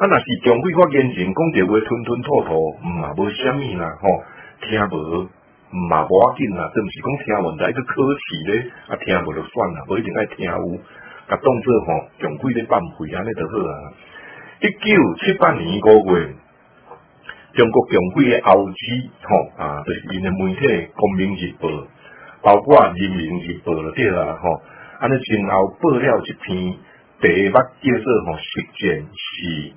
啊，若是蔣貴發言前講啲話吞吞吐吐，毋啊，無蝦米啦，吼，聽無，毋啊，無要緊啦，毋是講聽聞在個考試咧，啊，聽無就算啦，無一定愛聽有，啊，當做吼，蔣貴咧辦會安尼就好啊。一九七八年五月，中國蔣貴嘅報紙，吼啊，就是伊嘅媒體《光明日報》，包括《人民日報》咯啲啊吼，安尼前後報了一篇題目叫做《吼實踐是》。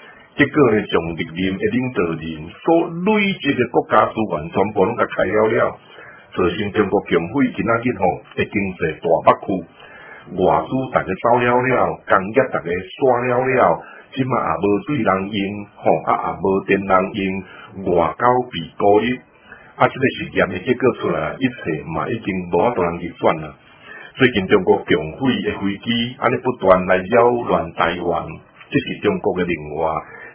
結果咧，上級連一領導人所累積嘅國家資源，全部攏甲開了了。最近中國共會今仔日吼，會經濟大北區，外資大家走了了，工業大家煞了了，即嘛也無對人用，吼啊也無對人用，外交被孤立。啊，這個事件嘅結果出來，一切嘛已經無法度人去轉了。最近中國共會嘅飛機，安尼不斷來擾亂台灣，這是中國嘅另外。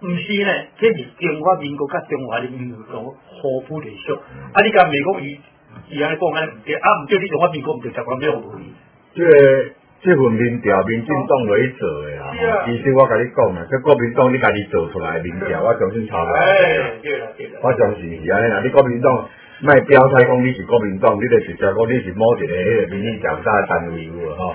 唔是呢，這是中華民國甲中華民國互補連續。啊！你講美國伊是安尼講安尼唔對，啊唔對，你做華民國唔對，台灣沒有道理。即份民調，民進黨落去做誒啦。啊、哦。其實我甲你講啊，即、這個、國民黨你家己做出來民調、嗯，我重新查。哎、欸，對啦，對啦。我像是啊，你國民黨，咪表態講你是國民黨，你就是台灣，你是某一個迄個民意調查單位做。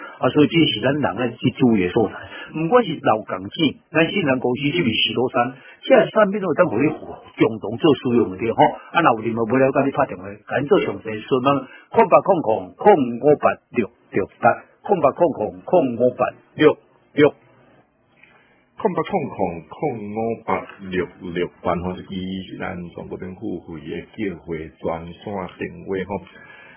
啊，所以這是咱人咧居住嘅所在，唔管是老港子，咱新南公司這邊許多山，即在山邊頭都可以共同做使用的吼。啊，老林冇不了，跟你拍電話，趕緊做詳細說明。空八空空空五八六六八，空八空空空五八六六，空八空空空五八六六，八。號是機子咱從嗰邊付費嘅叫回轉線電話吼。